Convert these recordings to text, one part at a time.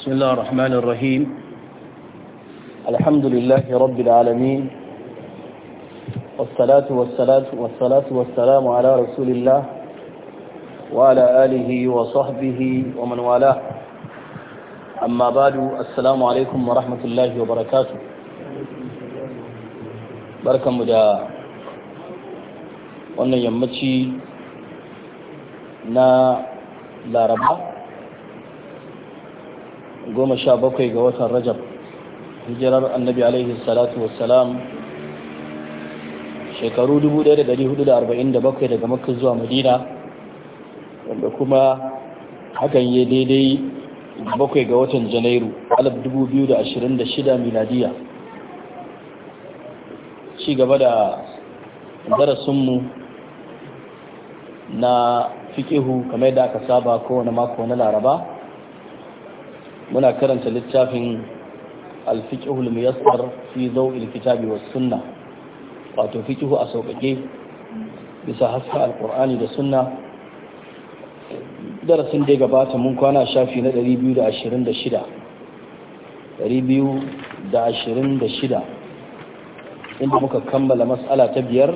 بسم الله الرحمن الرحيم الحمد لله رب العالمين والصلاة والصلاة والصلاة والسلام على رسول الله وعلى آله وصحبه ومن والاه أما بعد السلام عليكم ورحمة الله وبركاته بركة مجاة وأن يمتشي نا لا ربا goma sha bakwai ga watan rajab hijirar annabi alaihi salatu wassalam shekaru 1447 daga makka zuwa madina wanda kuma hakan ya daidai bakwai ga watan janairu 2026 miladiya ci gaba da darasinmu na fikihu kamar da aka saba kowane mako na laraba muna karanta littafin alfiqhul muyassar fi dawil kitabi was sunna wato fiqhu a sauƙaƙe bisa haska alƙur'ani da sunna darasin da gabata mun kwana shafi na 226 226 inda muka kammala matsala ta biyar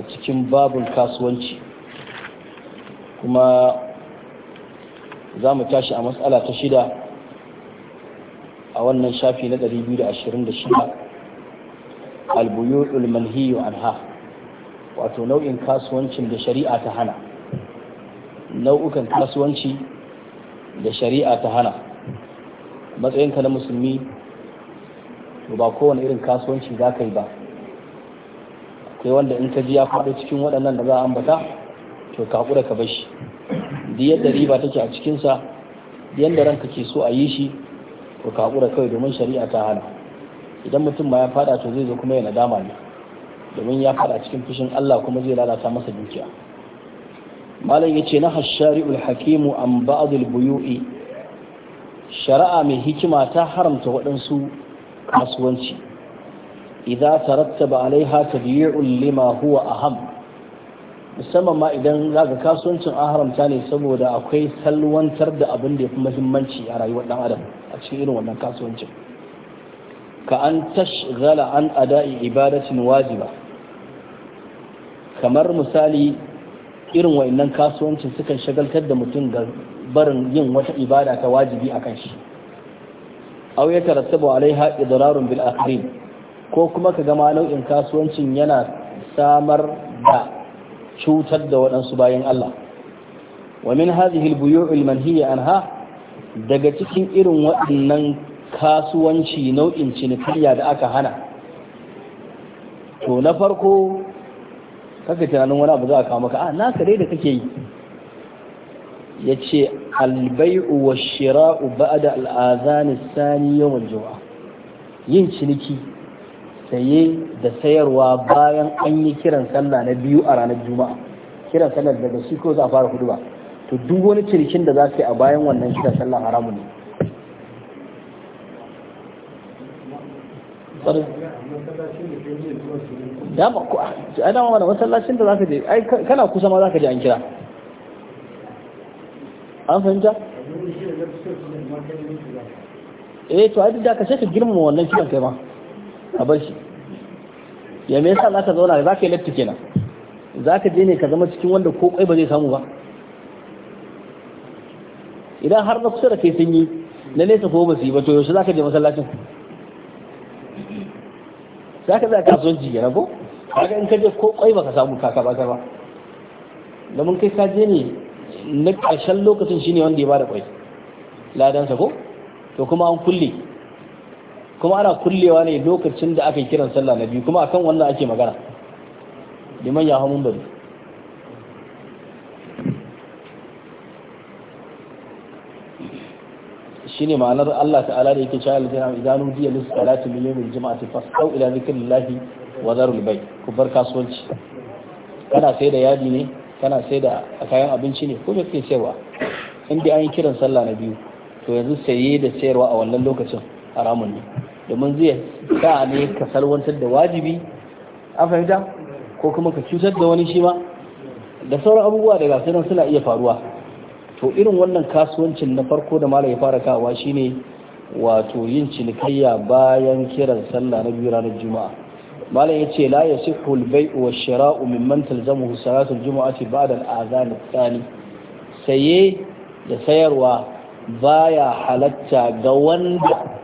a cikin babun kasuwanci kuma za mu tashi a matsala ta shida a wannan shafi na 226 albuyutul manhiyu anha wato nau'in kasuwancin da shari'a ta hana nau'ukan kasuwanci da shari'a ta hana matsayinka na musulmi to ba kowane irin kasuwanci za ka yi ba akwai wanda in ka ji ya faɗo cikin waɗannan da za a ambata to ka ka bashi da riba take a cikinsa da yadda ranka ke so a yi shi ko ka kawai domin shari'a ta hana idan mutum ma ya fada to zai zo kuma ya nadama ne domin ya fada cikin fushin Allah kuma zai lalata masa dukiya malam yace na Shari'ul hakimu an ba'dul buyu'i shari'a mai hikima ta haramta waɗansu kasuwanci idza tarattaba alaiha tabi'un lima huwa aham musamman ma idan za ka kasuwancin an haramta ne saboda akwai salwantar da abin da ya fi muhimmanci a rayuwar dan adam a cikin irin wannan kasuwancin ka an tashgala an ada'i ibadatin wajiba kamar misali irin wa'annan kasuwancin sukan shagaltar da mutum ga barin yin wata ibada ta wajibi a kan shi aw ya tarattabu alaiha idrarun bil akhirin ko kuma ka gama nau'in kasuwancin yana samar da cutar da waɗansu bayan Allah wa min hadhihi al manhiya anha daga cikin irin waɗannan kasuwanci nau'in cinikayya da aka hana to na farko kaka tunanin wani abu za a kawo maka a naka dai da kake yi ya ce albai'u wa shira'u da al'azani sani yawan juma'a yin ciniki saye da sayarwa bayan an yi kiran sallah na biyu a ranar juma'a kiran sallah daga shi ko za a fara hudu ba to duk wani cirkin da za su yi a bayan wannan kiran sallah haramun ne dama wani ah, masallacin da za ka je ai kana kusa ma za ka je an kira an fahimta eh to a duk da ka sai ka girmama wannan kiran kai ma a bar shi ya me yasa za ka zauna za ka yi latti kenan za ka je ne ka zama cikin wanda ko kai ba zai samu ba idan har na kusa da kai sun yi na nesa ko ba su yi ba to yaushe za ka je masallacin za ka son kasuwanci kenan ko kaga in ka je ko kai ba ka samu kaka ba ba domin kai ka je ne na ƙarshen lokacin shine wanda ya bada kwai ladansa ko to kuma an kulle kuma ana kullewa ne lokacin da aka yi kiran sallah na biyu kuma akan wannan ake magana liman ya hamun bari shine ma'anar Allah ta'ala da yake cewa aljanna idan udiya lis salati min yawmil juma'ati fasau ila zikrillahi wa zarul bay ku bar kasuwanci kana sai da yadi ne kana sai da kayan abinci ne ko me kake sayarwa in dai an yi kiran sallah na biyu to yanzu saye da sayarwa a wannan lokacin haramun ne domin zai sa ne ka salwantar da wajibi a fahimta ko kuma ka cutar da wani shi ma da sauran abubuwa da nan suna iya faruwa to irin wannan kasuwancin na farko da malam ya fara kawa shine wato yin cinikayya bayan kiran sallah na biyu ranar juma'a malam ya ce la yasihhu al-bay'u wash-shira'u mimman talzamuhu salatu al-jum'ati ba'da al-adhan ath-thani saye da sayarwa baya halatta ga wanda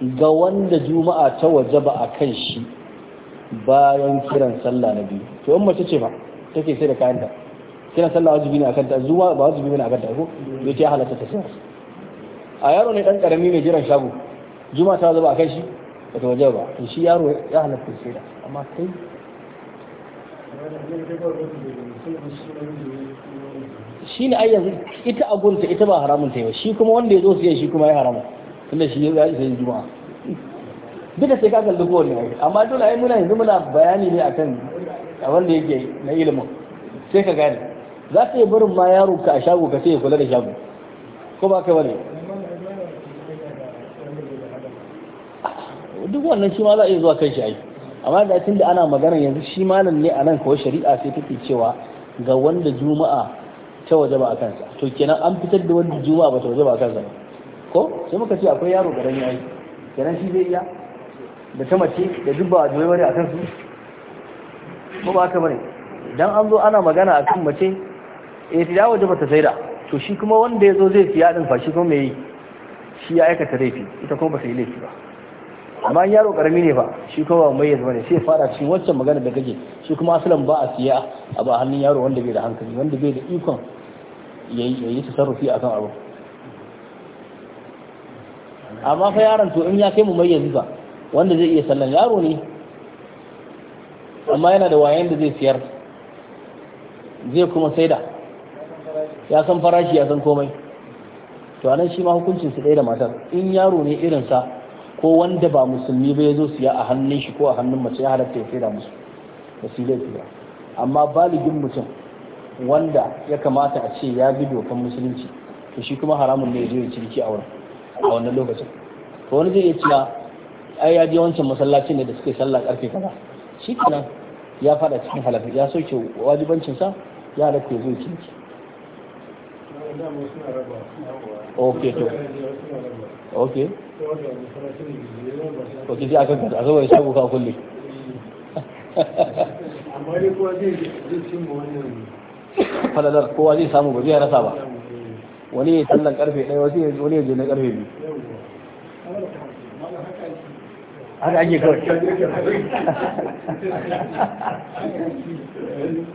ga wanda juma'a ta waje ba a kan shi bayan kiran sallah na biyu to in mace ce ba take sai da kayan da kiran sallah wajibi ne akan ta zuwa ba wajibi ne akan ta ko bai ce halatta ta sai a yaro ne dan karami mai jiran shago juma'a ta waje ba a kan shi ba ta waje ba to shi yaro ya halatta sai da amma kai shi ne ai yanzu ita agunta ita ba haramun ta yi ba shi kuma wanda ya zo su yi shi kuma ya haramun tunda shi ya zai sai juma'a duka sai ka kalli kowane ne amma dole ai muna yanzu muna bayani ne akan abin da yake na ilimin sai ka gane za ka yi barin ma yaro ka a shago ka sai ya kula da shago ko ba ka bane duk wannan shi ma za a iya zuwa kan shi ai amma da tun da ana magana yanzu shi malam ne a nan kawai shari'a sai take cewa ga wanda juma'a ta waje ba a kansa to kenan an fitar da wanda juma'a ba ta waje ba a kansa ba ko sai muka ce akwai yaro garan yayi kenan shi zai iya da ta mace da duk ba a joyi wani akan su ko ba aka bane dan an zo ana magana akan mace eh ta dawo ba ta saida to shi kuma wanda ya zo zai siya din fa shi kuma me shi ya aikata laifi ita kuma ba ta yi laifi ba amma yaro karami ne fa shi kuma ba mai bane sai fara cikin wancan magana da kake shi kuma asalan ba a siya a ba hannun yaro wanda bai da hankali wanda bai da ikon yayi yayi tasarrufi akan abu amma fa yaron to in ya kai mu mai ba wanda zai iya sallan yaro ne amma yana da wayan da zai siyar zai kuma saida ya san farashi ya san komai to anan shi ma hukuncin su ɗaya da matar in yaro ne irin sa ko wanda ba musulmi ba ya zo siya a hannun shi ko a hannun mace ya halatta ya saida musu da su ba amma baligin mutum wanda ya kamata a ce ya bi dokan musulunci to shi kuma haramun ne ya je ya ciniki a wurin a wannan lokacin to wani zai iya cewa ai ya je wancan masallacin ne da suke sallah karfe kaza shi kenan ya fada cikin halafi ya soke wajibancin sa ya da ya zuci kinki ok to ok ok sai aka kanta a saboda shago ka kulle amma dai kowa zai cimma wannan falalar kowa zai samu ba zai rasa ba wani ya sallan karfe ɗaya wani ya je na karfe biyu haka ake kawai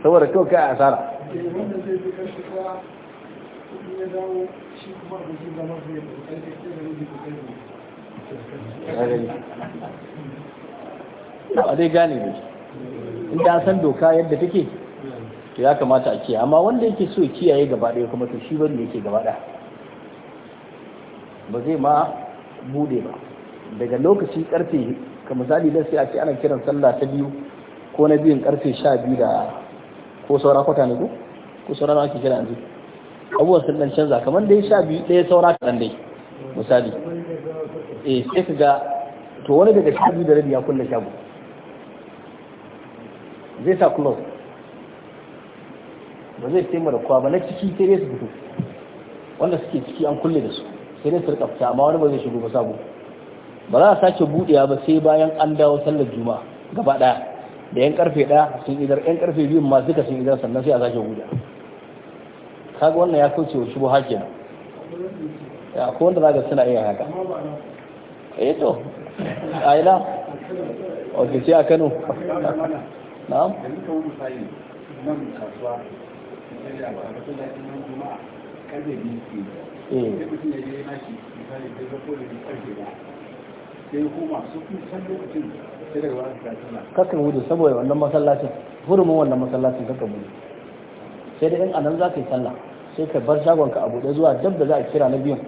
saboda kawai kai asara A dai gane ne in ta san doka yadda take to ya kamata a kiyaye amma wanda yake so ya kiyaye gaba ɗaya kuma to shi ne yake gaba ɗaya ba zai ma bude ba daga lokaci karfe ka misali dan sai a ce ana kiran sallah ta biyu ko na biyun karfe sha biyu da ko saura kwata ne ko ko saura na ake kira yanzu abubuwan sun dan canza kamar dai sha biyu ɗaya saura kaɗan dai misali eh sai ka ga to wani daga sha biyu da rabi ya kulle shago zai sa close ba zai sai mara kowa ba na ciki sai dai su fito wanda suke ciki an kulle da su sai dai su rika fita amma wani ba zai shigo ba sabo ba za a sake buɗewa ba sai bayan an dawo sallar juma'a gaba ɗaya da yan karfe ɗaya sun idar yan karfe biyun ma duka sun idar sannan sai a sake buɗe kaga wannan ya kauce wa shubu hakiya ya ko wanda zaka suna iya haka eh to a ina ok a Kano na'am kakan wuce saboda wannan masallacin hurumin wannan masallacin kakan wuce sai da in anan za ka yi sallah sai ka bar shagon ka abu da zuwa dab da za a kira na biyun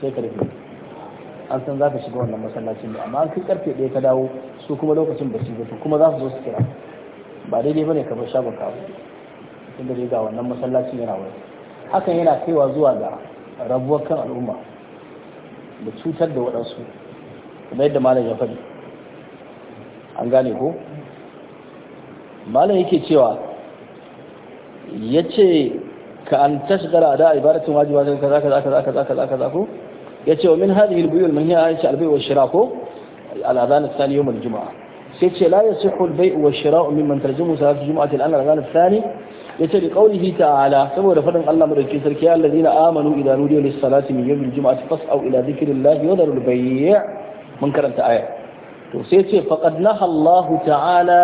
sai ka rufe an san za ka shiga wannan masallacin ne amma an kai karfe ɗaya ka dawo su kuma lokacin ba su ba kuma za su zo su kira ba daidai ba ne ka bar shagon ka abu inda da ga wannan masallacin yana wani hakan yana kaiwa zuwa ga rabuwar kan al'umma da cutar da waɗansu kuma yadda malam ya faɗi an gane ko malam yake cewa ya ce ka an tashgara a da ibadatin wajiba ta kaza kaza kaza kaza kaza zaka zaka ya ce wa min hadhihi al-buyul man a aisha albai wa shira ko al-adhan Sani thani yawm al sai ce la yasihu al-bay' wa shira mimman tarjumu salat al-jum'ah al-an al-adhan ath yace da qaulihi ta'ala saboda fadin Allah madauki sarki ya allazina amanu idan nudiya lis salati min yawmil jum'ati fas'au ila dhikrillahi wa dharul bay' mun karanta aya to sai ce faqad naha Allah ta'ala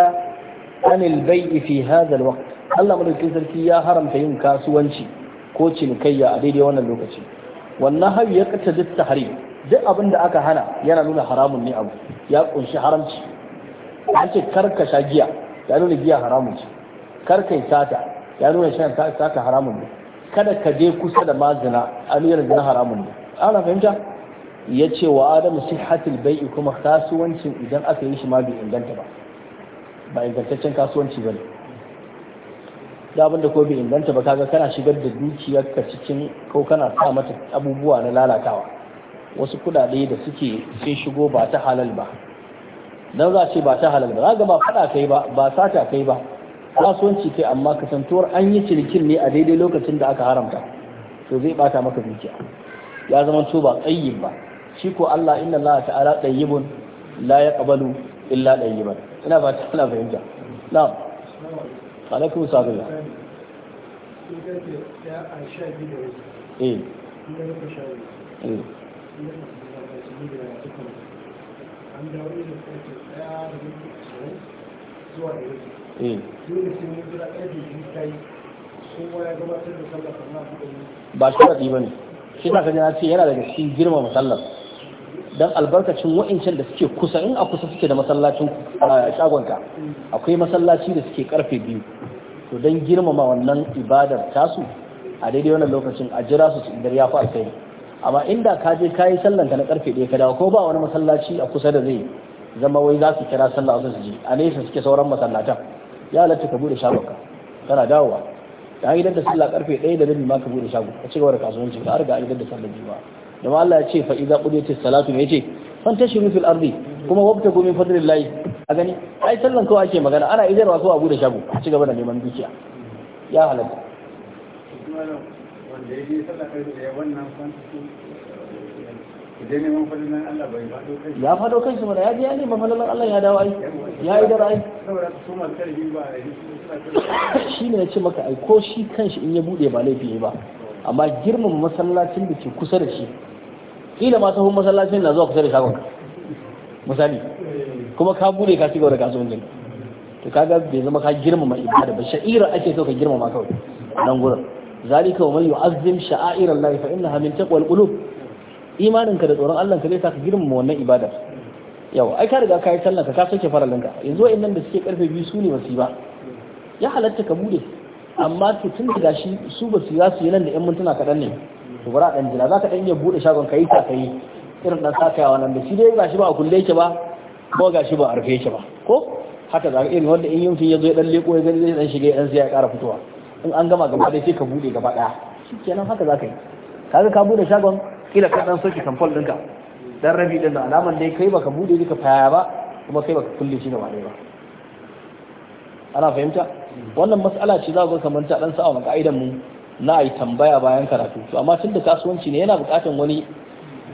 anil bay' fi hadha al Allah madauki sarki ya haramta yin kasuwanci ko cinikayya a daidai wannan lokaci wannan har ya kata duk tahrim duk abinda aka hana yana nuna haramun ne abu ya kunshi haramci an ce karka sha giya ya nuna giya haramun ce Kar kai sata ya nuna shan taka haramun ne kada ka je kusa da mazina aliyar zina haramun ne ana fahimta ya ce wa adam sihhatil bai'i kuma kasuwancin idan aka yi shi ma bai inganta ba ba ingantaccen kasuwanci ba ne da abin da ko bai inganta ba kaga kana shigar da dukiyarka cikin ko kana sa mata abubuwa na lalatawa wasu kudade da suke sun shigo ba ta halal ba dan za ce ba ta halal ba za ga ba fada kai ba ba sata kai ba kasuwanci kai amma kasantuwar an yi cinikin ne a daidai lokacin da aka haramta to zai bata maka dukiya ya zama to ba tsayin ba shi ko Allah inna Allah ta'ala tayyibun la yaqbalu illa tayyiban ina ba ta kana fahimta na'am alaikum salam eh eh an dawo da zuwa da ba sharaɗi ba ne shi ta kaji na ce yana daga cikin girma masallar don albarkacin wa'incan da suke kusa in a kusa suke da masallacin shagonka akwai masallaci da suke karfe biyu to don girmama wannan ibadar tasu a daidai wannan lokacin a jira su su idan ya fi alkhairi amma inda ka je ka yi sallanka na karfe ɗaya ka dawo ko ba wani masallaci a kusa da zai zama wai za su kira sallah su je a nesa suke sauran masallatan ya halatta ka bude shagon ka kana dawowa da an idan da sallah karfe 1 da rabi ma ka bude shago ka cigaba da kasuwanci ka harga an idan da sallah juma'a da ma Allah ya ce fa idza qudiyatis salatu me yace shi fil ardi kuma wabta gumin fadlillahi a gani ai sallan kawai ake magana ana idarwa ko a bude shago a cigaba da neman dukiya ya halatta ya fado kanshi mana ya ya ne mafalalan Allah ya dawo ai ya yi da ra'ayi shi ne ya ce maka ai ko shi kanshi in ya bude ba laifi ne ba amma girman masallacin da ke kusa da shi kila ma tahun masallacin na zuwa kusa da shagon misali kuma ka bude ka shiga da kasuwancin to kaga bai zama ka girmama ibada ba sha'ira ake so ka girmama kawai nan gurin zalika wa man yu'azzim Allah fa innaha min taqwal qulub imaninka da tsoron Allah ka zai sa ka girmama wannan ibadar yau ai ka riga ka yi sallah ka ka fara linka yanzu wa'annan da suke karfe biyu su ne basu ba ya halatta ka bude amma to tun da gashi su basu za su yi nan da yan mintuna kaɗan ne to bara dan jira za ka dan iya bude shagon ka yi ta ka yi irin dan yawa nan da shi dai gashi ba a kulle yake ba ko gashi ba a rufe yake ba ko haka za ka irin wanda in yunfin ya zo ya dan leko ya gani zai dan shiga dan sai ya ƙara fitowa in an gama gaba dai sai ka bude gaba daya shikenan haka za ka yi kaga ka bude shagon kila ka dan soki kamfol ɗinka dan rabi din da alaman dai kai baka bude duka faya ba kuma kai baka kulle shi da wani ba ana fahimta wannan mas'ala ce za ku kamar ta dan sa'a ka'idan mu na ayi tambaya bayan karatu to amma tun da kasuwanci ne yana buƙatar wani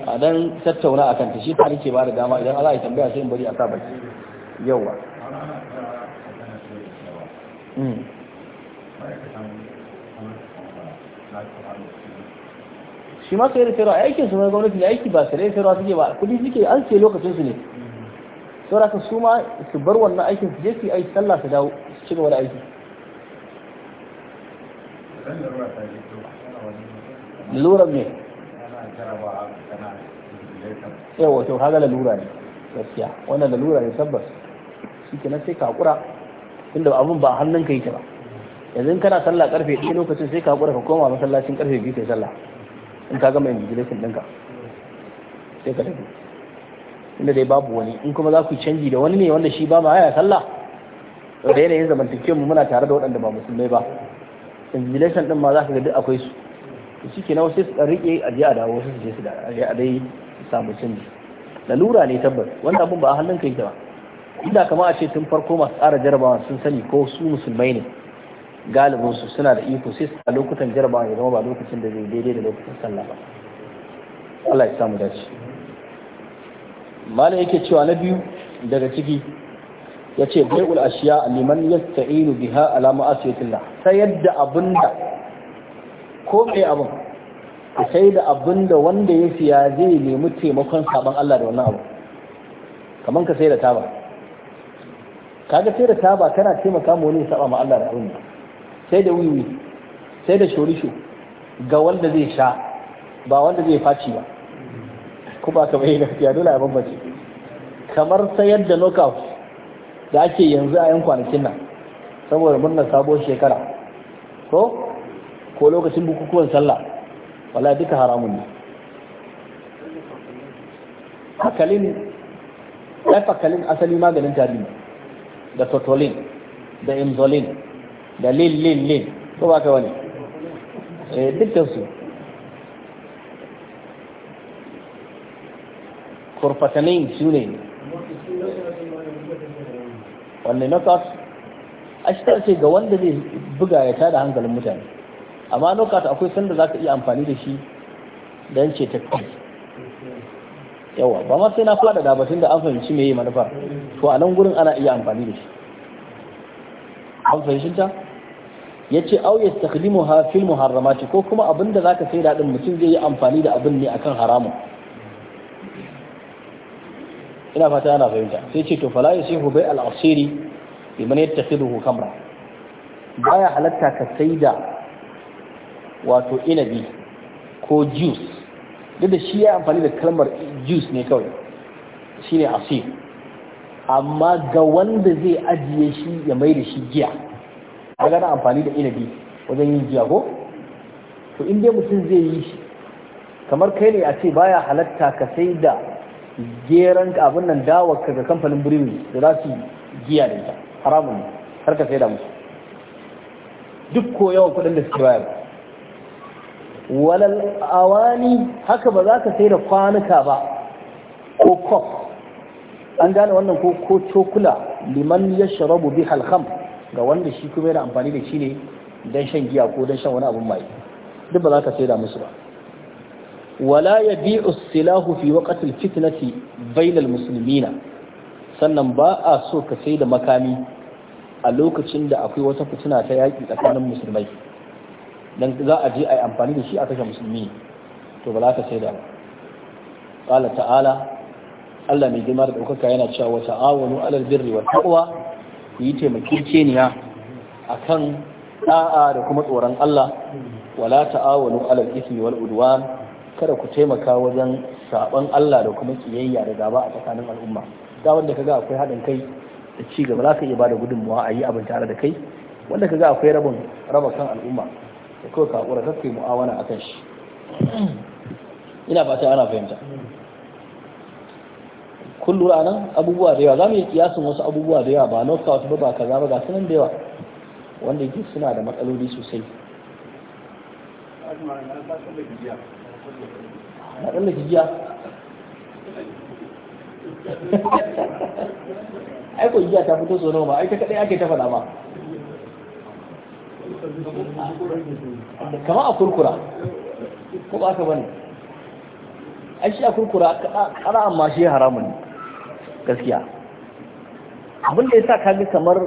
a dan tattauna akan ta shi ta nake ba da dama idan Allah ya tambaya sai in bari a sa baki yawa mm shi ma sai da aikin su na gwamnati ne aiki ba sayar da sayarwa suke ba kudi suke an ce lokacin su ne saboda ka su ma su bar wannan aikin su je su aiki sallah su dawo su ci gaba da aiki lura ne yawa wato kaga lura ne gaskiya wannan da lura ne tabbas shi kenan sai ka hakura tunda abun ba hannun ka yake ba yanzu kana sallah karfe ɗaya lokacin sai ka hakura ka koma masallacin karfe biyu kai sallah in ka gama invigilation ɗinka sai ka tafi inda dai babu wani in kuma za ku canji da wani ne wanda shi ba ma haya sallah da yanayin zamantakewa mu muna tare da waɗanda ba musulmai ba invigilation ɗin ma za ka ga duk akwai su shi ke wasu su ɗan a je a dawo wasu su je su da a dai samu canji lalura ne tabbas wanda abin ba a hannun kai ba inda kama a ce tun farko masu tsara jarabawa sun sani ko su musulmai ne galibin su suna da iko sai su a lokutan jarba ya zama ba lokacin da zai daidai da lokacin sallah ba Allah ya samu dace malai yake cewa na biyu daga ciki ya ce bai'ul ashiya liman yasta'inu biha ala ma'asiyatillah sai yadda abinda ko me abin sai da abinda wanda ya siya zai nemi taimakon sabon Allah da wannan abu kaman ka sai da taba kaga sai da taba kana taimaka mu ne saba ma Allah da abin sai da wiwi sai da shorisho ga wanda zai sha ba wanda zai faci ba ku ba ka bayyana gaskiya dole a bambaci. kamar sayar da knockout da ake yanzu a yan kwanakin nan saboda murnar sabuwar shekara ko ko lokacin bukukuwan sallah wala duka haramun ne hakalin ɗaifakalin asali maganin tari da totolin da inzolin da lin lin lin ko ba ka wani eh, duk da su kurfatanin su ne wanne knockout a shi ce ga wanda zai buga ya tada hankalin mutane amma knockout akwai sanda za ka iya amfani da shi don ce ta kai yawa ba ma sai na fada da batun da an fahimci yi manufa to a nan gurin ana iya amfani da shi an fahimci ta ce au yastakhdimuha fil muharramati ko kuma abinda zaka sai dadin mutum zai yi amfani da abin ne akan haramun ina fata yana fahimta sai ce to fala yasihu bai al asiri liman yattakhiduhu kamra baya halatta ka saida wato inabi ko juice duk da shi ya amfani da kalmar juice ne kawai shine asir amma ga wanda zai ajiye shi ya mai da shi giya a na amfani da inabi wajen yin jiya ko to in dai mutum zai yi shi kamar kai ne a ce baya halatta ka sai da geran abin nan dawa ka ga kamfanin birni da za su giya da ita haramun har ka sai da musu duk ko yawan kuɗin da suke bayar walal awani haka ba za ka sai da kwanuka ba ko kof an gane wannan ko ko cokula liman ya sharabu bi halham. ga wanda shi kuma yana amfani da shi ne don shan giya ko don shan wani abun mai duk ba za ka da musu ba wala ya yabi'u silahu fi waqtil fitnati bainal muslimina sannan ba a so ka sai da makami a lokacin da akwai wata fitina ta yaki tsakanin musulmai dan za a je a yi amfani da shi a kashe musulmi to ba za ka da ba qala ta'ala Allah mai girma da ɗaukaka yana cewa wa ta'awanu alal birri wa taqwa ku yi a kan ɗa'a da kuma tsoron Allah wala ta'awanu alal ismi wal uduwa kada ku taimaka wajen saɓon Allah da kuma kiyayya da gaba a tsakanin al'umma ga wanda ga akwai haɗin kai da ci gaba za ka iya ba da gudunmuwa a yi abin tare da kai wanda ga akwai rabin raba kan al'umma da kawai ka ƙura kai mu'awana akan shi ina fata ana fahimta kun lura nan abubuwa da yawa za mu yi kiyasin wasu abubuwa da yawa ba knockout ba ba kaza ba ga sunan da yawa wanda yake suna da matsaloli sosai na ɗan jijiya ai ko ta fito so nawa ba ai ta kaɗai ake ta faɗa ba kama a kurkura ko ba ka bane ai shi a kurkura kana amma shi haramun ne gaskiya abin da sa kaga kamar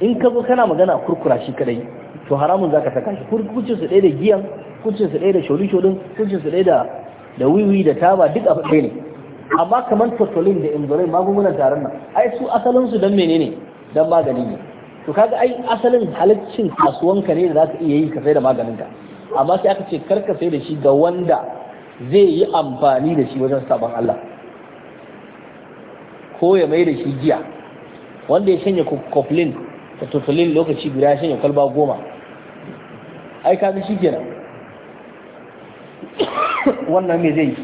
in ka zo kana magana kurkura shi kadai to haramun za zaka saka shi kurkucin su ɗaya da giyan kurkucin su ɗaya da sholi sholin kurkucin su ɗaya da wiwi da taba duk abin ɗaya ne amma kamar totolin da inzolin magungunan taron nan ai su asalin su dan menene don magani ne to kaga ai asalin halaccin kasuwanka ne da za ka iya yi ka sai da maganin ka amma sai aka ce kar ka sai da shi ga wanda zai yi amfani da shi wajen sabon Allah ko ya mai da shi jiya, wanda ya shanya koflin da totolin lokaci guda ya shanya kwalba goma ai kaga shi kenan wannan me zai yi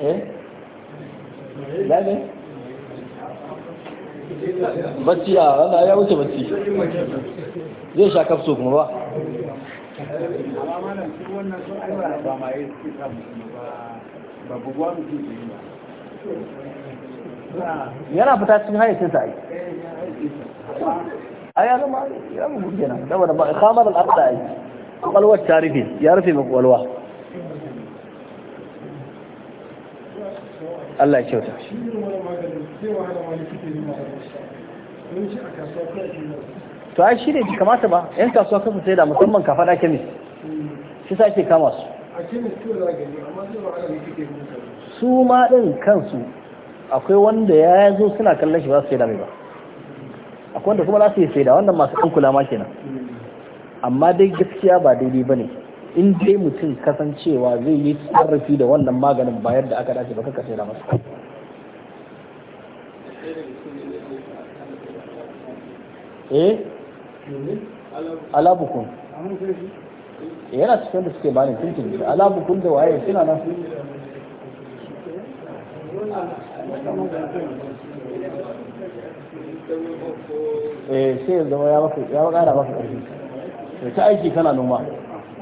eh bacci a wanda ya wuce bacci zai sha kafso kuma ba ba buguwa mutum yana fita cikin hayyacin A ai ai ya zama ya mu guje na saboda ba khamar al-aqda yi. kwalwar ta rufe ya rufe mai kwalwa Allah ya kyauta to ai shi ne ji kamata ba yan kasuwa kasu sai da musamman kafa da kemis shi sa ke kama su a kemis za amma zai ne kike su ma ɗin kansu akwai wanda ya zo suna kallon shi ba su saida mai ba akwai wanda kuma za su yi saida wannan masu ɗan kula ma kenan amma dai gaskiya ba daidai ba ne in dai mutum kasancewa zai yi sarrafi da wannan maganin bayar da aka dace ba kaka saida masu eh alabukun yana cikin da suke bani tuntun alabukun da waye suna nan eh sai ya zama ya maka ya kara maka ƙarfi da ta aiki kana noma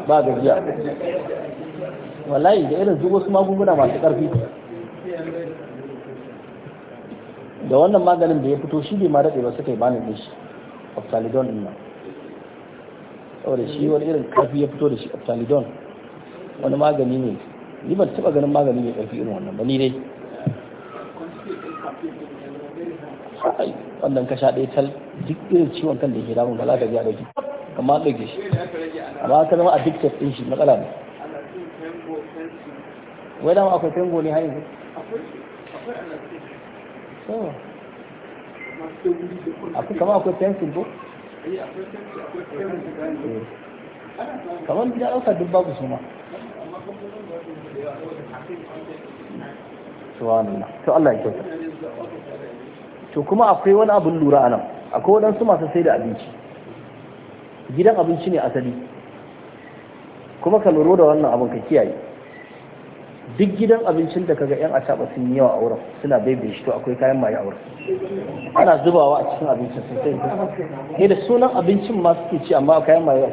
ba gajiya wallahi da irin zuwa su magunguna masu ƙarfi da wannan maganin da ya fito shi bai ma daɗe ba suka yi bani da shi optalidon ɗin nan saboda shi wani irin ƙarfi ya fito da shi optalidon wani magani ne ni ban taɓa ganin magani mai ƙarfi irin wannan ba ni dai wannan ka sha ɗaya tal duk irin ciwon kan da ke damun bala ka biya dauki amma an ɗauke shi amma ka zama addicted ɗin shi matsala ne wai dama akwai fengo ne har oh. akwai kama akwai pencil ko kamar ya ɗauka duk babu su ma to Allah ya kyauta to kuma akwai wani abin lura a nan akwai waɗansu masu sai da abinci gidan abinci ne asali kuma ka lura da wannan abin ka kiyaye duk gidan abincin da kaga yan ataba sun yi yawa a wurin suna baibaye shi to akwai kayan maye a wurin ana zubawa a cikin abincin sosai ne da sunan abincin ma suke ci amma kayan maye a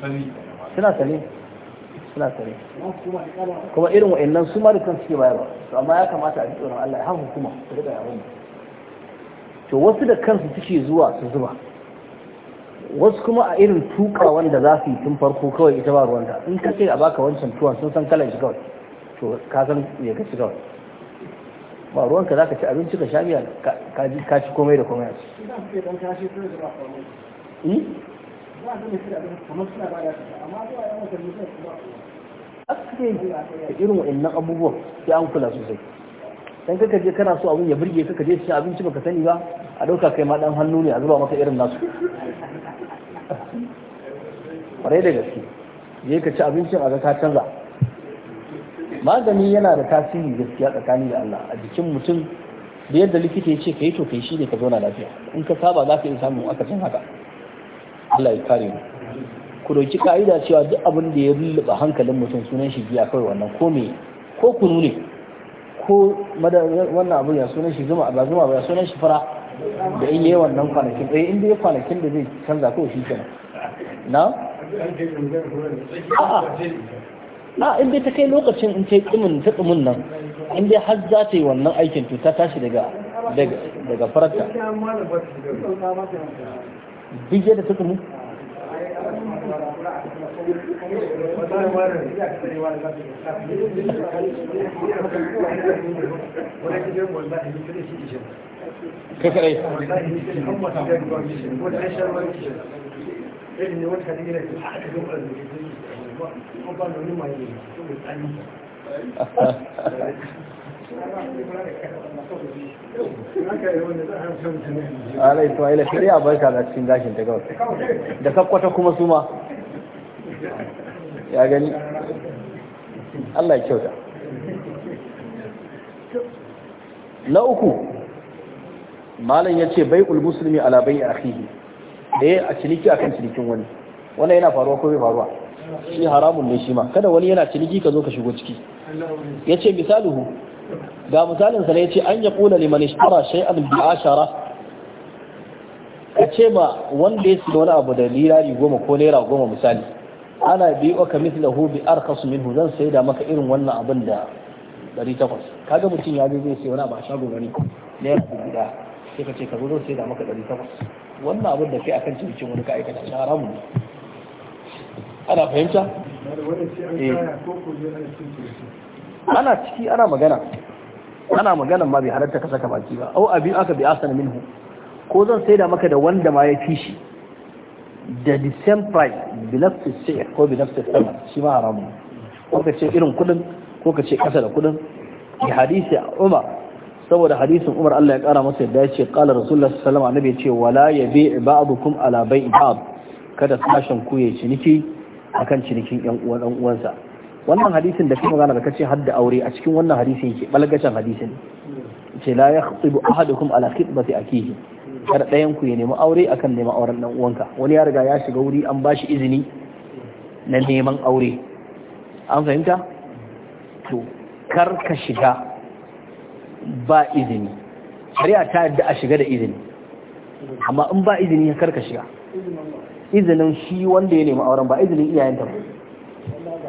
ciki suna sane suna sare kuma irin wa'annan su ma da kan suke bayarwa to amma ya kamata a ji tsoron Allah ya kuma su riga yawon to wasu da kansu suke zuwa su zuba wasu kuma a irin tuka wanda za su yi tun farko kawai ita ba ruwanta in ka ce a baka wancan tuwon sun san kalan shi kawai to ka san ya ka ci kawai ba ruwanka za ka ci abinci ka sha biya ka ci komai da komai a ci aske irin wa'annan abubuwan sai an kula sosai don kaka je kana so abun ya birge ka je shi abinci baka sani ba a dauka kai ma dan hannu ne a zuba maka irin nasu kwarai da gaske je ka ci abincin a ga ka canza magani yana da tasiri gaskiya tsakani da Allah a jikin mutum da yadda likita ya ce ka yi to kai shi ne ka zauna lafiya in ka saba za ka iya samun akasin haka Allah ya kare mu ku dauki ka'ida cewa duk abin da ya rulluba hankalin mutum sunan shi biya kai wannan ko me ko kunu ne ko wannan abin ya sunan shi zuma ba zuma ba ya sunan shi fara da in yayi wannan kwanakin eh in dai kwanakin da zai canza ko shi kenan na a in dai ta kai lokacin in ta tsumin ta tsumin nan in dai har za ta yi wannan aikin to ta tashi daga daga daga farata bije da suka mu alai to ai lafiya ya barka da cikin gashin ta kawai da kakkwata kuma su ma ya gani Allah ya kyauta na uku malam ya ce bai ulmusulmi ala bai a akhihi da ya a ciniki akan cinikin wani wannan yana faruwa ko bai faruwa shi haramun ne shi ma kada wani yana ciniki ka zo ka shigo ciki ya ce misaluhu ga misalin sa ne ce an ya kula liman ishtara shay'an bi ashara ce ma wanda ya siya wani abu da lirari goma ko naira goma misali ana bi wa ka mithlahu bi arqas minhu zan sai da maka irin wannan abin da 800 kaga mutum ya je zai siya wani abu a shago gani. naira guda sai ka ce ka zo zan sai da maka 800 wannan abin da kai akan cikin wani ka aikata shi haramun ne ana fahimta eh. ana ciki ana magana ana magana ma bai halatta ka saka baki ba au abin aka bi asana minhu ko zan saida maka da wanda ma ya fi shi da the same price bi nafsi sayar ko bi nafsi sama shi ma haramu ko ka ce irin kudin ko ka ce kasa da kudin bi hadisi umar saboda hadisin umar Allah ya kara masa yadda ya ce qala rasulullah sallallahu alaihi wasallam annabi ce wala yabi ba'dukum ala bai'i ba'd kada sashen ku ya ciniki akan cinikin yan uwan uwansa wannan hadisin da kuma magana da kace hadda aure a cikin wannan hadisin yake balagacin hadisin ce la khutibu ahadukum ala khitbati akihi kar dayan ku ya nemi aure akan neman auren dan uwanka wani ya riga ya shiga wuri an bashi izini na neman aure an fahimta to kar ka shiga ba izini shari'a ta yadda a shiga da izini amma in ba izini kar ka shiga izinin shi wanda ya nemi auren ba izinin iyayen ta ba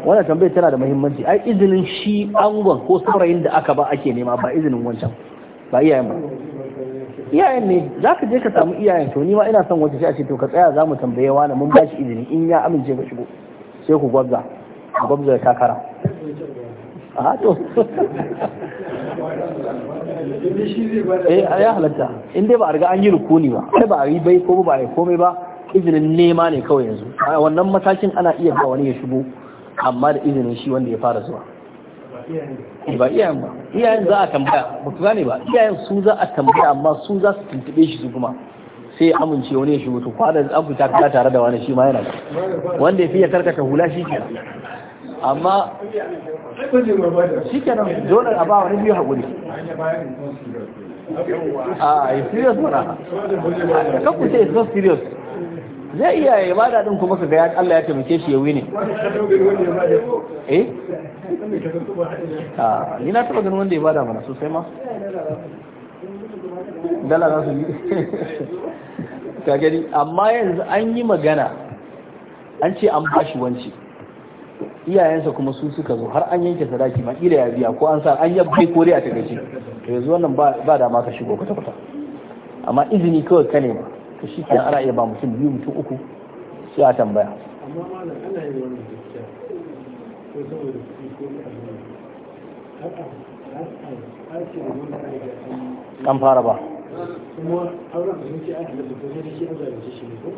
wannan tambayar tana da muhimmanci ai izinin shi angon ko saurayin da aka ba ake nema ba izinin wancan ba iyayen ba iyayen ne za ka je ka samu iyayen to ni ma ina son wata shi a ce to ka tsaya za mu tambaye wani mun ba shi izini in ya amince ka shigo sai ku gwabza gwabza da takara a to eh ya halatta in dai ba a riga an yi rukuni ba ai ba a yi bai ko ba a yi komai ba izinin nema ne kawai yanzu a wannan matakin ana iya ba wani ya shigo amma da izinin shi wanda ya fara zuwa ba iyayen ba iyayen za a tambaya ba ku gane ba iyayen su za a tambaya amma su za su tuntube shi su kuma sai amince wani ya shigo to kwanan da abu ta tare da wani shi ma yana wanda ya fi ya karkata hula shi ke amma shi ke nan dole a ba wani biyu haƙuri a ah, yi serious mana kakku sai it's not serious zai iya ya da din kuma kaga ya Allah ya taimake shi ya wuni eh a ah, ni na taba ganin wanda ya da mana sosai ma dala za su yi ka gani amma yanzu an yi magana an ce an bashi wanci iyayensa kuma su suka zo har an yanke sadaki ma ila ya biya ko an sa an yabbe kore a takaice to yanzu wannan ba da ma ka shigo kwata-kwata amma izini kawai ka ba to shi kenan ana iya ba mutum biyu mutum uku sai a tambaya amma malam ana yi wannan gaskiya ko saboda kuɗi ko ne a ce da wani wanda aka ga an fara ba kuma auren da nake aka halatta ko shi an zalunce shi ne ko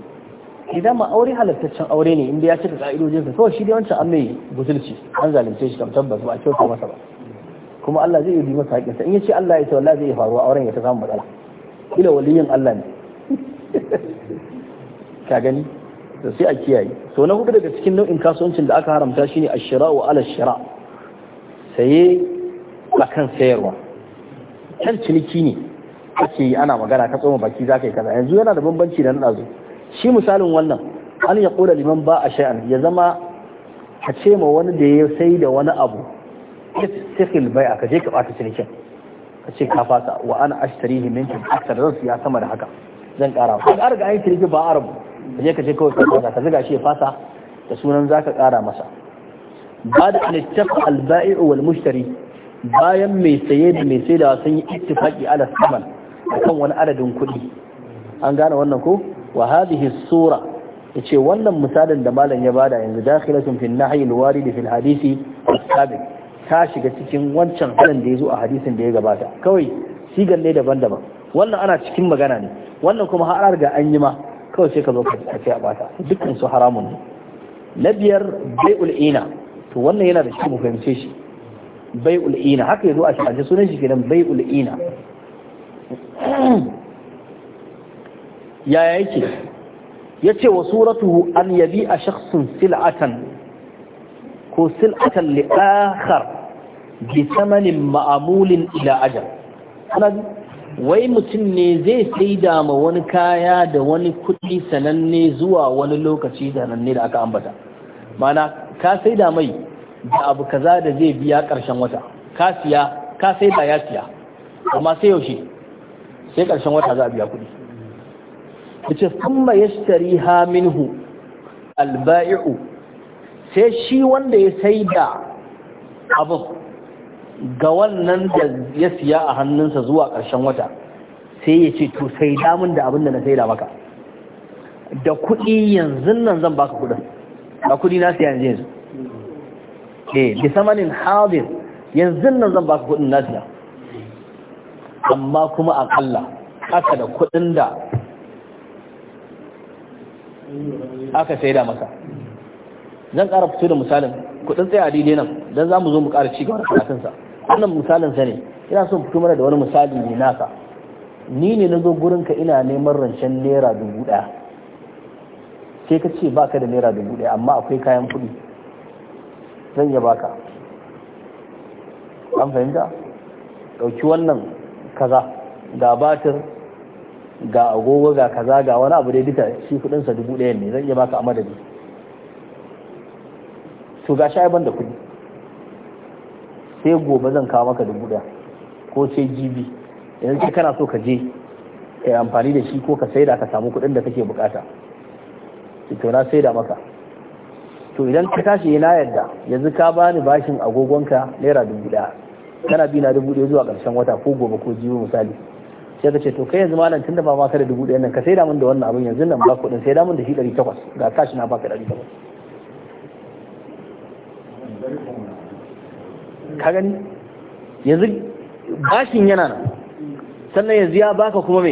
idan ma aure halattaccen aure ne inda ya cika ka'idojinsa kawai shi dai wancan an mai butulci an zalunce shi kam tabbas ba a kyauta masa ba kuma Allah zai yi masa haƙinsa in ya ce Allah ya ce wallahi zai faruwa auren ya ta samu matsala ila waliyin Allah ne ka gani da sai a kiyaye to na hudu daga cikin nau'in kasuwancin da aka haramta shine shira wa ala shira saye kan sayarwa kan ciniki ne ake yi ana magana ka tsoma baki za ka yi kaza yanzu yana da bambanci da na shi misalin wannan an ya kula liman ba a sha'an ya zama a ce ma wani da ya sai da wani abu istiqil bai ka je ka bata cinikin ka ce ka fasa wa ana ashtarihi minkum akthar zan siya sama da haka zan ƙara ko ka riga an yi ba arabu je ka ce kawai ka fasa ka zuga shi ya fasa da sunan za ka masa ba da an ittafa alba'i'u wal mushtari bayan mai saye da mai saidawa sun yi ittifaqi ala saman akan wani adadin kuɗi an gane wannan ko wa hadhihi sura yace wannan misalin da malam ya bada yanzu dakhilatun fi nahyi alwarid fi alhadisi as-sabiq ta shiga cikin wancan halin da ya zo a hadisin da ya gabata kawai sigan ne daban-daban wannan ana cikin magana ne wannan kuma har ga an yi ma kawai sai ka zo ka ce a bata dukkan su haramun ne na biyar bai'ul ina to wannan yana da shi mu fahimce shi bai'ul ina haka yazo a shi sunan shi kenan bai'ul ina yaya yake yace wa suratuhu an yabi a shakhsun sil'atan ko sil'atan li akhar bi thamanin ma'amulin ila ajal ana wai mutum ne zai sai ma wani kaya da wani kuɗi sananne zuwa wani lokaci sananne da aka ambata mana ka sai da mai da abu kaza da zai biya ƙarshen wata ka siya ka sai da ya siya amma sai yaushe sai ƙarshen wata za a biya kuɗi yace thumma yashtariha minhu al sai shi wanda ya sai da abin ga wannan da ya siya a hannunsa zuwa ƙarshen wata sai ya ce to sai damun da abin da na saida maka da kuɗi yanzu nan zan baka kuɗin da kuɗi na siya yanzu yanzu eh bi samanin hadir yanzu nan zan baka kuɗin na siya amma kuma akalla aka da kuɗin da aka saida maka zan ƙara fito da misalin kuɗin tsaye a daidai nan don za mu zo mu ƙara cigaba da karatunsa wannan misalin sa ne ina son fito mana da wani misali ne nasa ni ne na zo gurin ka ina neman rancen naira dubu ɗaya sai ka ce baka da naira dubu ɗaya amma akwai kayan kuɗi zan iya baka an fahimta ɗauki wannan kaza ga batir ga agogo ga kaza ga wani abu dai duka shi kuɗinsa dubu ɗaya ne zan iya baka a madadi to ga shi ban da kuɗi sai gobe zan kawo maka dubu ɗaya ko sai jibi idan ce kana so ka je ka yi amfani da shi ko ka saida ka samu kuɗin da kake bukata to na saida maka to idan ka tashi na yadda yanzu ka bani bashin agogonka naira dubu ɗaya kana bi na dubu ɗaya zuwa ƙarshen wata ko gobe ko jibi misali sai ka ce to kai yanzu malam tunda ba maka da dubu ɗaya nan ka saida min da wannan abin yanzu nan ba kuɗin saida min da shi ɗari takwas ga kashi na baka ɗari takwas ka gani yanzu bashin yana nan sannan yanzu ya baka kuma me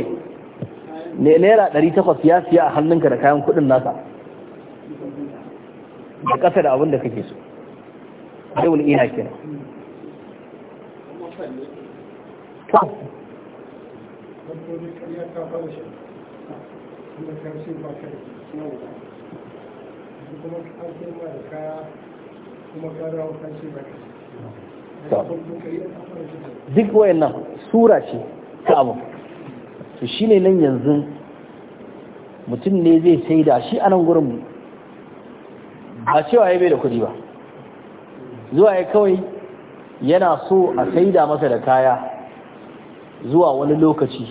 ne naira 800 ya siya a hannunka da kayan kudin nasa da kasa da abin da kake so sai wani iya kenan kuma kuma kuma kuma kuma kuma kuma kuma duk wayannan sura ce ta abu to ne nan yanzu mutum ne zai sai da shi a nan gurin ba cewa ya bai da kuɗi ba zuwa ya kawai yana so a sai da masa da kaya zuwa wani lokaci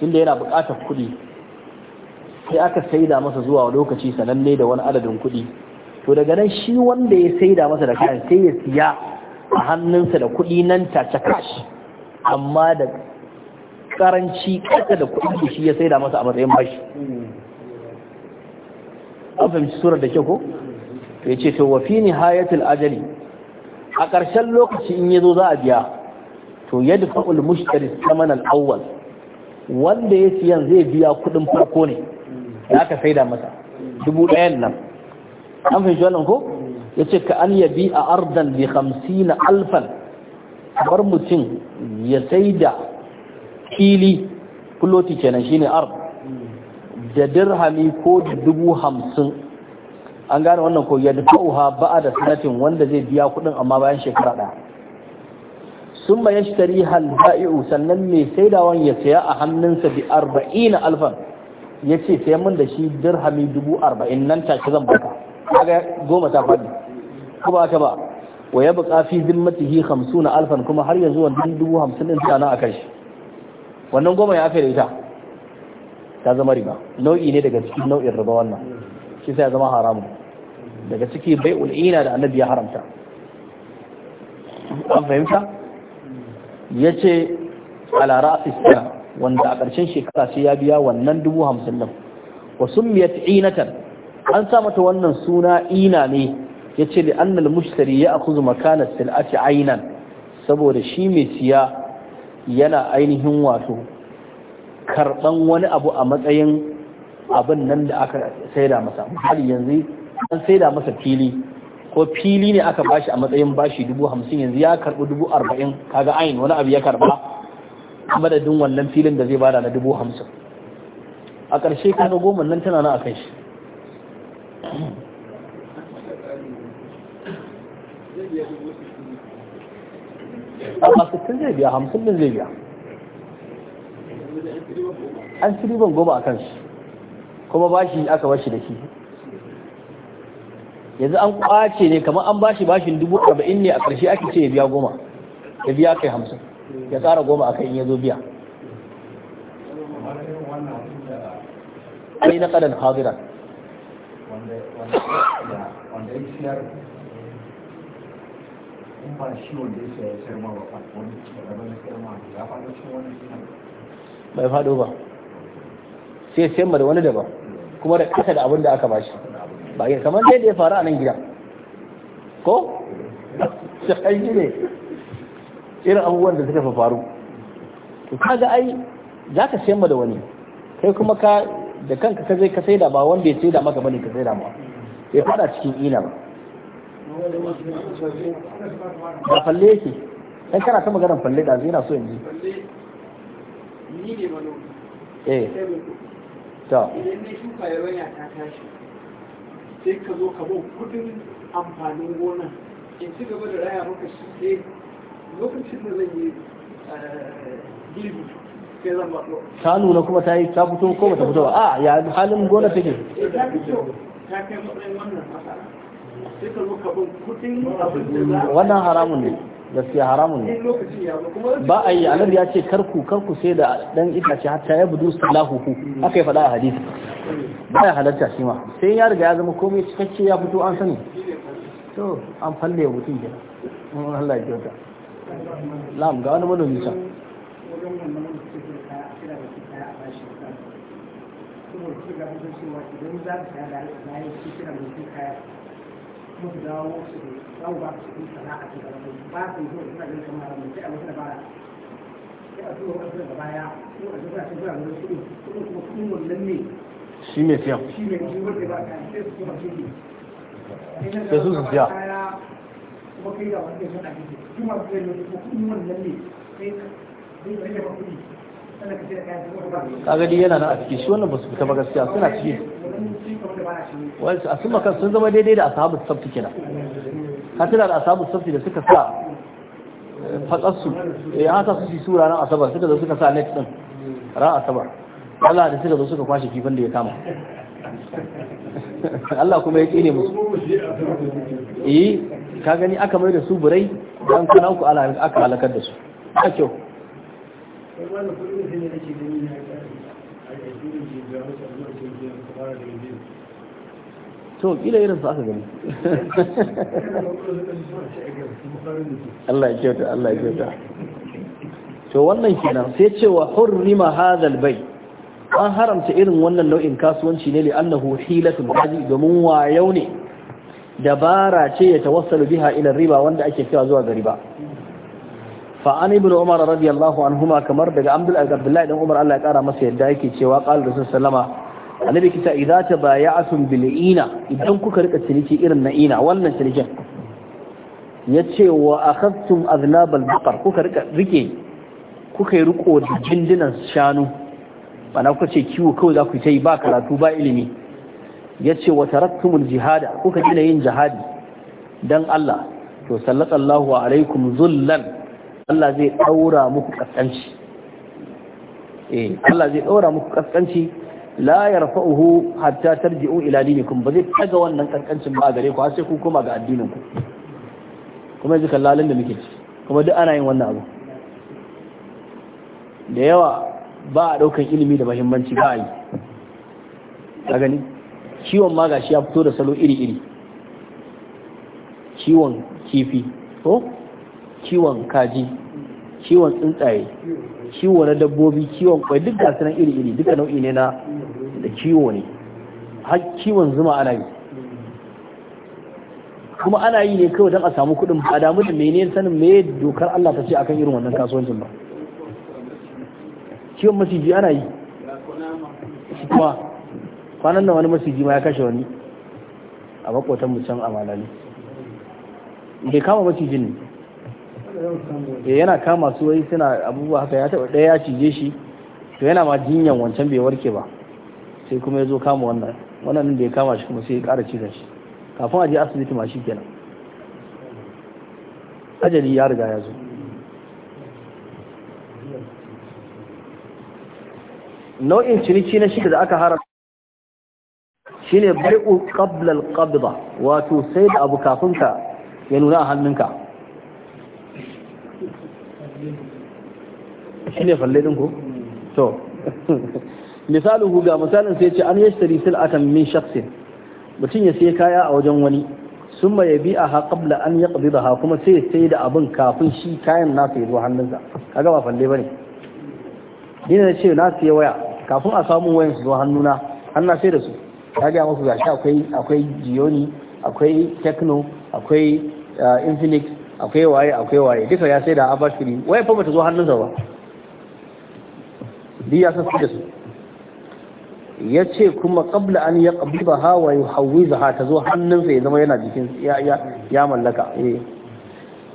da yana bukatar kuɗi sai aka sai da masa zuwa lokaci sananne da wani adadin kuɗi to daga nan shi wanda ya sai da masa da kayan sai ya siya a hannunsa da kuɗi nan ta cash amma da ƙaranci ƙasa da kuɗi da shi ya sai da masa a matsayin bashi an fahimci surar da ke ko ya ce to wa fi hayatul ajali a ƙarshen lokaci in ya zo za a biya to ya dufa ulmushtari saman al'awwal wanda ya siyan zai biya kuɗin farko ne da aka sai da masa dubu ɗayan nan an fahimci wannan ko yace ka an yabi a ardan bi 50 alfan bar mutum ya saida fili kuloti kenan shine ard da dirhami ko da dubu hamsin an gane wannan ko ya ba ba'a da sanatin wanda zai biya kudin amma bayan shekara ɗaya sun ma yashtari hal ba'i'u sannan mai saidawan ya saya a hannunsa bi arba'in alfan ya ce sayan min da shi dirhami dubu arba'in nan take zan baka kaga goma ta faɗi ko ba ka ba wa ya buƙa fi zimmatihi 50 alfan kuma har yanzu wannan dubu hamsin din tana a kai shi wannan goma ya kai da ita ta zama riba nau'i ne daga cikin nau'in riba wannan shi sai ya zama haramu daga ciki bai ul'ina da annabi ya haramta an fahimta ya ce alara isra wanda a ƙarshen shekara sai ya biya wannan dubu hamsin nan wa summiyat inatan an sa mata wannan suna ina ne ya ce da annal mushtari ya akuzu makanar sil'ati ainan saboda shi mai siya yana ainihin wato karɓan wani abu a matsayin abin nan da aka saida masa misali yanzu an saida masa fili ko fili ne aka bashi a matsayin bashi dubu hamsin yanzu ya karɓi dubu arba'in kaga ainihin wani abu ya karɓa madadin wannan filin da zai bada na dubu hamsin a ƙarshe kaga goma nan tana na a kai shi amma sittin zai biya hamsin din zai biya an fi riban goma a kansu kuma bashi aka bashi da shi yanzu an kwace ne kamar an bashi bashin dubu arba'in ne a ƙarshe ake ce ya biya goma ya biya kai hamsin ya tsara goma a kai in ya zo biya yi na ƙadan hadiran wanda ya ba shi wanda ya wani ya faɗo bai faɗo ba sai sayar da wani daban kuma da ƙasa da abin da aka bashi ba ya kamar dai da ya faru a nan gida ko sai ne irin abubuwan da suka faru to kaga ai za ka sayar da wani kai kuma ka da kanka ka zai ka saida ba wanda ya saida maka bane ka saida ma ya fada cikin ina ba Da falle yake dan kana ta maganar falle da zai na so in ji eh to idan ne shuka ya ranya ta tashi sai ka zo ka bo kudin amfanin gona in ci gaba da raya maka shi sai lokacin da zan yi eh, girbi ta nuna kuma ta yi ta fito ko bata fito ba a ya halin gona take eh, wannan haramun ne gaskiya haramun ne ba a yi annabi ya ce karku karku sai da dan itace hatta ya budu salahuhu aka yi faɗa a hadisi ba ya halarta shi ma sai ya riga ya zama komai cikakke ya fito an sani to an falle mutum kenan Allah ya kyauta na'am ga wani manomi can da cewa idan za ka saya da aiki bayan su kira mai su kaya kuma su dawo su da dawo ba su yi sana'a ta gaba ba su yi zuwa suna kamar mai sai a wasu dabara sai a zuwa wasu daga baya ko a da sun zuwa wani kuɗi kuɗin kuma kuɗin wannan ne shi mai siya shi mai kuɗin wanda ba ka sai su kuma shi ne sai su su siya kuma kai da wani da suna jiki kuma kuɗin wannan ne sai ka zai rage kuɗi kaga dai yana nan a cikin shi wannan ba su fita ba gaskiya suna ciki wani a sun makar sun zama daidai da ashabu safti kenan hatira da ashabu safti da suka sa eh, fatsarsu ya eh, haka su ci su ranar asabar suka zo suka sa net din ran asabar Allah da suka zo suka kwashe kifin da ya kama Allah kuma ya kine musu eh ka gani aka mai da su burai dan kana uku aka halakar da su a kyau to kila irin su aka gani Allah ya kyauta Allah ya kyauta to wannan kenan sai cewa hurrima hadal bai an haramta irin wannan nau'in kasuwanci ne li'annahu hilatun kaji domin wayo ne dabara ce ya tawassalu biha ila riba wanda ake cewa zuwa ga riba fa an ibn umar radiyallahu anhuma kamar daga abdullahi dan umar Allah ya kara masa yadda yake cewa qala rasul sallama annabi kita idza tabaya'tum bil ina idan kuka rika ciniki irin na ina wannan cinikin yace wa akhadtum aznab al baqar kuka rika rike kuka yi riko da jindinan shanu bana kuka ce kiwo kawai za ku yi ba karatu ba ilimi ce wa taraktumul jihada kuka gina yin jihadi dan Allah to sallallahu alaikum zullan Allah zai ɗaura muku ƙasƙanci eh Allah zai ɗaura muku ƙasƙanci la uhu hatta tarji'u ila dinikum ba zai taga wannan ƙasƙancin ba gare ku har sai ku koma ga addinin ku kuma yanzu kallalin da muke ci kuma duk ana yin wannan abu da yawa ba a ɗaukan ilimi da muhimmanci ba a yi ka gani ciwon ma gashi ya fito da salo iri-iri ciwon kifi ko kiwon kaji kiwon tsuntsaye kiwo na dabbobi kiwon kwai duk gasu nan iri iri duka nau'i ne na da kiwo ne har kiwon zuma ana yi kuma ana yi ne kawai don a samu kuɗin ba damu da mene sanin me dokar Allah ta ce akan irin wannan kasuwancin ba kiwon masiji ana yi kuma kwanan nan wani masiji ma ya kashe wani a makotan mu can a malali bai kama masijin ne Eh, yana kama su wai suna abubuwa haka ya taba daya ya cije shi to yana ma jinyan wancan bai warke ba sai kuma ya zo kama wannan wannan da ya kama shi kuma sai ya ƙara cizon shi kafin a je asibiti ma shi kenan ajali ya riga ya zo nau'in ciniki na shida da aka haram shine bai'u qabla al-qabda wato sai da abu kafinka ya nuna a hannunka shine falle din ko to ga misalin sai ce an yashtari sil'atan min shakhsin mutum ya sai kaya a wajen wani summa ha qabla an yaqbidaha kuma sai sai da abin kafin shi kayan nasa ya zo hannunsa kaga ba falle bane ni na ce na sai waya kafin a samu wayan su zo hannuna an na sai da su kaga muku gashi akwai akwai jioni akwai Techno akwai eh, Infinix akwai waye akwai waye duka ya sai da Abashiri waya fa bata zo hannunsa ba diya san su da su ya ce kuma kabla an ya ƙabiba hawa ya hauwi zaha ta zo hannunsa ya zama yana jikin ya mallaka eh.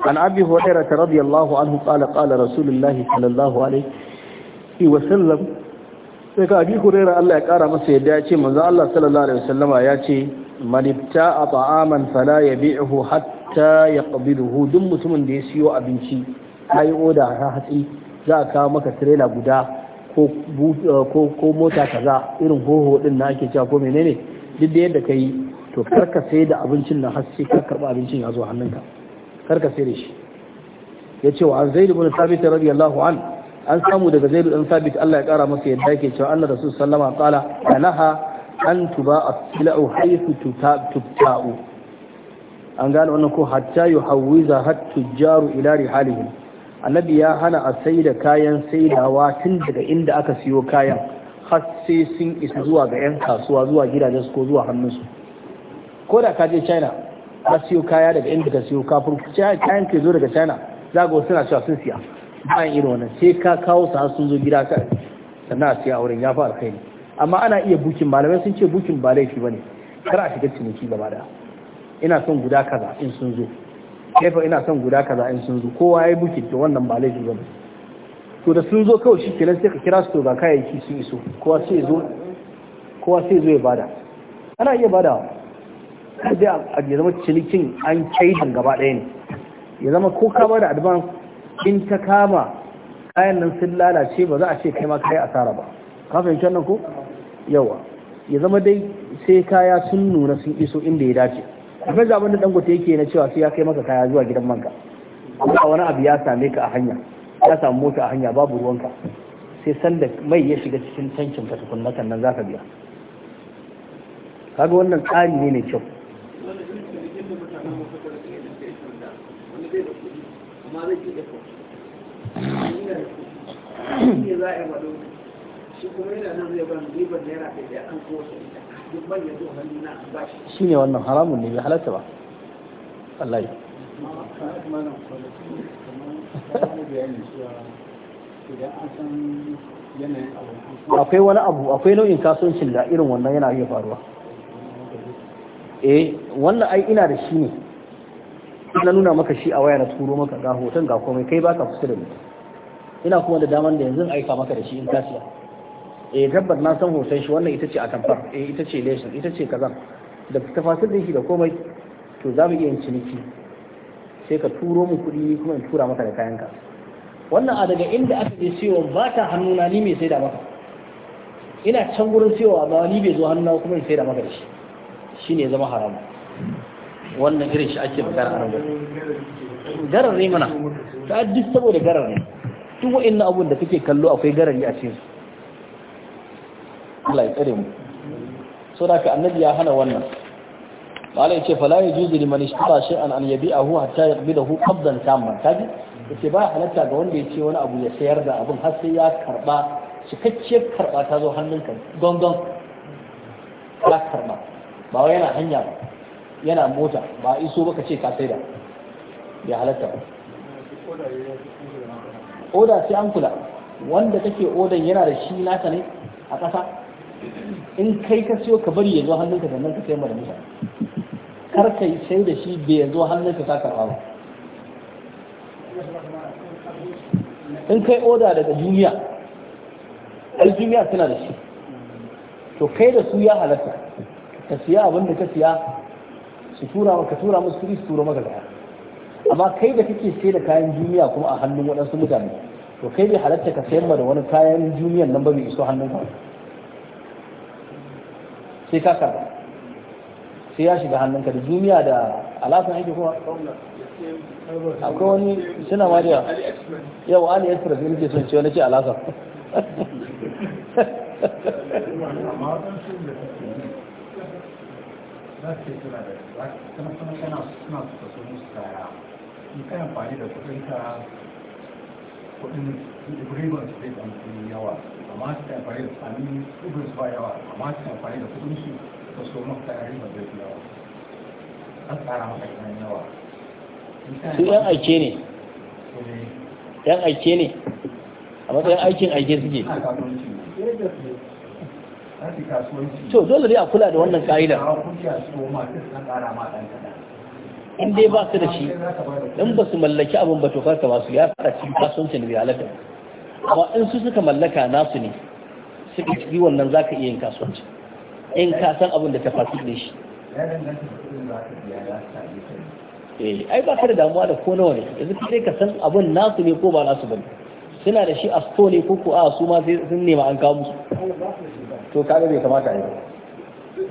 an abi hurairah ta radiyallahu an hukala kala rasulullah sallallahu alaihi wa sallam sai ka abi hurairah Allah ya kara masa yadda ya ce manzo Allah sallallahu alaihi wa wasallama ya ce man ibta'a ta'aman fala yabi'uhu hatta ya yaqbiluhu duk mutumin da ya siyo abinci yi oda ha hatsi za a kawo maka tirela guda Eh, ko mota kaza irin hoho din na ake cewa ko menene duk da yadda ka yi to karka sai da abincin na haske ka karɓa abincin ya zo hannunka karka sai da shi ya ce wa an zaidu bin sabit radiyallahu an an samu daga zaidu dan sabit Allah ya kara masa yadda yake cewa annabi rasul sallama qala anaha an tuba as haythu tubta'u an gane wannan ko hatta Hawiza hatta tujaru ila rihalihim annabi ya hana a sai da kayan saidawa tun daga inda aka siyo kayan har sai sun isa zuwa ga 'yan kasuwa zuwa gidajensu ko zuwa hannunsu ko da ka je china ka siyo kaya daga inda ka siyo kafin kayan ke zo daga china za ga suna cewa sun siya bayan irin wannan sai ka kawo su sun zo gida ka sannan a siya a wurin ya fi alkhairi amma ana iya bukin malamai sun ce bukin ba laifi ba ne kar a shiga ciniki gaba da ina son guda kaza in sun zo kefa ina son guda kaza in sun zo kowa ya yi bukin to wannan ba laifi ba to da sun zo kawai shi kenan sai ka kira su to ga kayayyaki sun iso kowa sai zo kowa ya bada ana iya bada a ya zama cinikin an kai kaidan gaba ɗaya ne ya zama ko ka bada advance in ta kama kayan nan sun lalace ba za a ce kai ma kai asara ba ka fahimci wannan ko yawa ya zama dai sai kaya sun nuna sun iso inda ya dace akwai zaben da dangote yake na cewa sai ya kai maka kaya zuwa gidan manka kuma wani abu ya same ka a hanya ya samu mota a hanya babu ruwanka sai sanda mai ya shiga cikin tankin ka tukun nan nan zaka biya kaga wannan tsari ne mai kyau shi zai ban ribar naira ɗaya an kowace ita shi ne wannan haramun ne bai halatta ba wallahi akwai wani abu akwai nau'in kasuwancin da irin wannan yana iya faruwa eh wannan ai ina da shi ne na nuna maka shi a waya na turo maka ga hoton ga komai kai baka kusa da mutum ina kuma da daman da yanzu aika maka da shi in kasuwa eh tabbat na san hoton shi wannan ita ce a tamfar eh ita ce leshin ita ce kaza da tafasir da shi da komai to za mu iya yin ciniki sai ka turo mu kuɗi kuma in tura maka da kayanka wannan a daga inda aka je cewa ba ta hannuna ni mai sai da maka ina can gurin cewa ba ni bai zo hannu na kuma in sai da maka da shi shine zama haramu wannan irin shi ake magana a nan garar ne mana ta addis saboda garar ne duk wa'annan abun da kake kallo akwai garari a cikin Allah ya tsare mu so da ka annabi ya hana wannan malai yace fala yajuzu liman ishtara shay'an an yabi'ahu hatta yaqbidahu qabdan tamman kaji yace ba halatta ga wanda yace wani abu ya sayar da abun har sai ya karba cikakkiyar karba ta zo hannunka gongon ka karba ba wai yana hanya ba yana mota ba iso baka ce ka saida ya halatta ba oda sai an kula wanda take odan yana da shi naka ne a ƙasa in kai ka siyo ka bari ya zo hannunka nan ka sai mara mutane kar ka yi sai da shi bai ya zo hannunka ka karɓa ba in kai oda daga duniya ai duniya suna da shi to kai da su ya halatta ka siya abin da ka siya su tura maka tura musu kuɗi su tura maka kaya amma kai da kake sai da kayan duniya kuma a hannun waɗansu mutane to kai bai halatta ka sayar da wani kayan duniyan nan ba bai iso hannunka ba. sai ka karba sai ya shiga hannunka da duniya da alasan aiki kuma akwai wani suna mariya da yau ali express ne ke son ciwo na ce alasan yawa su da aike ne yan aike ne a matsayin aikin aike suke to dole ne a kula da wannan ka'ida in dai ba su da shi in ba su mallaki abin ba to kasa ba su ya fara cikin kasuwancin da ya halatta amma in su suka mallaka nasu ne suka ciki wannan za ka iya yin kasuwanci in ka san abin da ta fasu da shi eh, ai ba ka da damuwa da ko nawa ne yanzu kai ka san abin nasu ne ko ba nasu bane suna da shi a sto ne ko ko a su ma sai sun nema an kawo musu to kaga bai kamata ne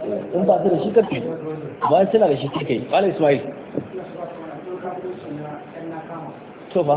eh, in ba su da shi kake ba suna da shi kake bala ismail to ba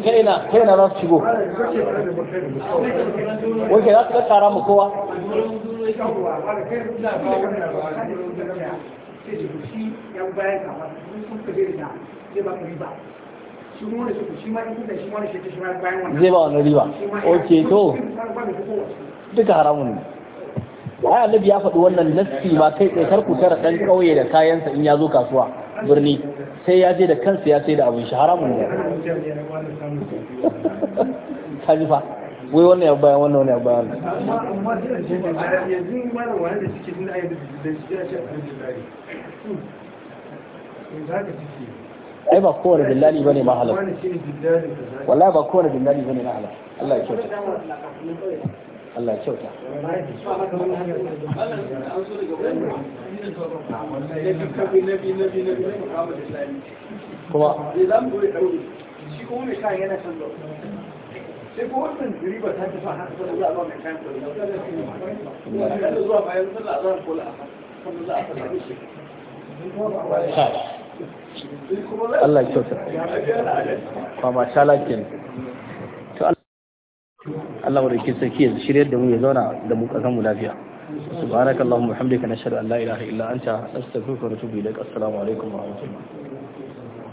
kaina kaina za su shigo wake za su tsara mu kowa zai ba wani riba ok to duka haramun ne ai annabi ya faɗi wannan nassi ma kai tsaye kar ku tara ɗan ƙauye da kayansa in ya zo kasuwa birni sai ya je da kansa ya sai da abin shi haramun ne ka fa wai wannan ya bayan wannan ya bayan ai ba kowane dillali ba ne mahalar wallahi ba kowane dillali ba ne mahalar Allah ya kyauta Allah kyauta kuma ta Allah kyauta. shalakin. Allah da ke sarki ya shiryar da mu ya zauna da mu kasan mu lafiya subhanakallahumma hamdika nashhadu an la ilaha illa anta astaghfiruka wa atubu ilaik assalamu alaikum wa rahmatullahi